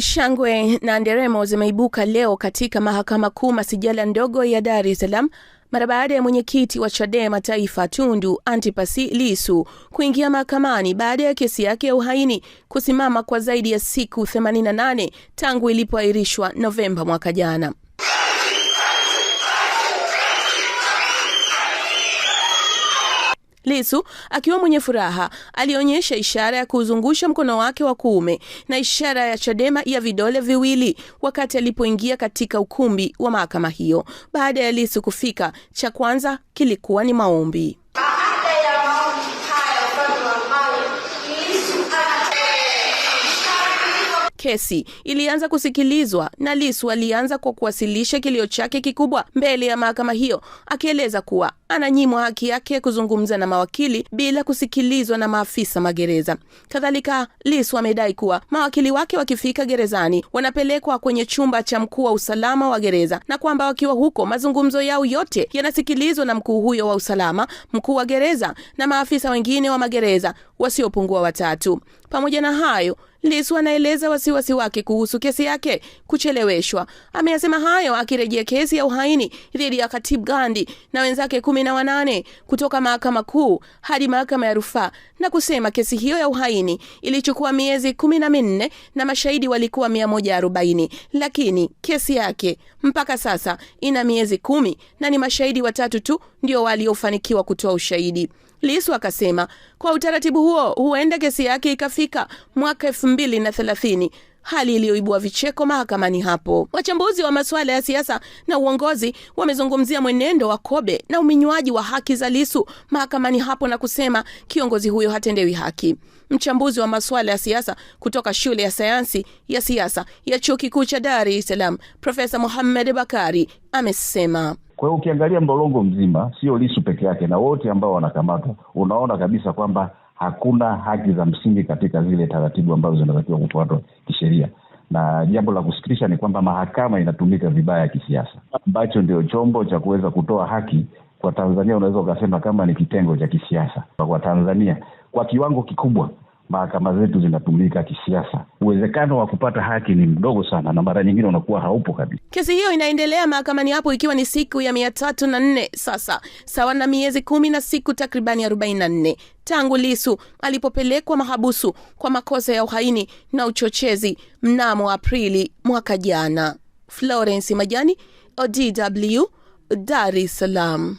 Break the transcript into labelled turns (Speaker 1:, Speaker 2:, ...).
Speaker 1: Shangwe na nderemo zimeibuka leo katika mahakama kuu masijala ndogo ya Dar es Salaam mara baada ya mwenyekiti wa Chadema Taifa Tundu Antipasi Lisu kuingia mahakamani baada ya kesi yake ya uhaini kusimama kwa zaidi ya siku 88 tangu ilipoahirishwa Novemba mwaka jana. Lisu akiwa mwenye furaha alionyesha ishara ya kuuzungusha mkono wake wa kuume na ishara ya Chadema ya vidole viwili wakati alipoingia katika ukumbi wa mahakama hiyo. Baada ya Lisu kufika, cha kwanza kilikuwa ni maombi. Kesi ilianza kusikilizwa na Lisu alianza kwa kuwasilisha kilio chake kikubwa mbele ya mahakama hiyo, akieleza kuwa ananyimwa haki yake ya kuzungumza na mawakili bila kusikilizwa na maafisa magereza. Kadhalika, Lisu amedai kuwa mawakili wake wakifika gerezani wanapelekwa kwenye chumba cha mkuu wa usalama wa gereza na kwamba wakiwa huko mazungumzo yao yote yanasikilizwa na mkuu huyo wa usalama, mkuu wa gereza na maafisa wengine wa magereza wasiopungua watatu. Pamoja na hayo Lisu anaeleza wasiwasi wake kuhusu kesi yake kucheleweshwa. Ameyasema hayo akirejea kesi ya uhaini dhidi ya Khatib Gandhi na wenzake kumi na wanane kutoka mahakama kuu hadi mahakama ya rufaa na kusema kesi hiyo ya uhaini ilichukua miezi kumi na minne na mashahidi walikuwa mia moja arobaini lakini kesi yake mpaka sasa ina miezi kumi na ni mashahidi watatu tu ndio waliofanikiwa kutoa ushahidi. Lisu akasema kwa utaratibu huo huenda kesi yake ikafika mwaka elfu 2030 hali iliyoibua vicheko mahakamani hapo. Wachambuzi wa masuala ya siasa na uongozi wamezungumzia mwenendo wa Kobe na uminywaji wa haki za Lisu mahakamani hapo na kusema kiongozi huyo hatendewi haki. Mchambuzi wa masuala ya siasa kutoka shule ya sayansi ya siasa ya chuo kikuu cha Dar es Salaam, Profesa Muhammed Bakari amesema
Speaker 2: kwa hiyo ukiangalia mlolongo mzima, sio Lisu peke yake na wote ambao wanakamatwa, unaona kabisa kwamba hakuna haki za msingi katika zile taratibu ambazo zinatakiwa kufuatwa kisheria na jambo la kusikitisha ni kwamba mahakama inatumika vibaya kisiasa, ambacho ndio chombo cha kuweza kutoa haki kwa Tanzania. Unaweza ukasema kama ni kitengo cha kisiasa kwa Tanzania kwa kiwango kikubwa mahakama zetu zinatumika kisiasa. Uwezekano wa kupata haki ni mdogo sana, na mara nyingine unakuwa haupo kabisa.
Speaker 1: Kesi hiyo inaendelea mahakamani hapo ikiwa ni siku ya mia tatu na nne sasa, sawa na miezi kumi na siku takribani arobaini na nne tangu Lisu alipopelekwa mahabusu kwa makosa ya uhaini na uchochezi mnamo Aprili mwaka jana. Florence Majani, ODW, Dar es Salaam.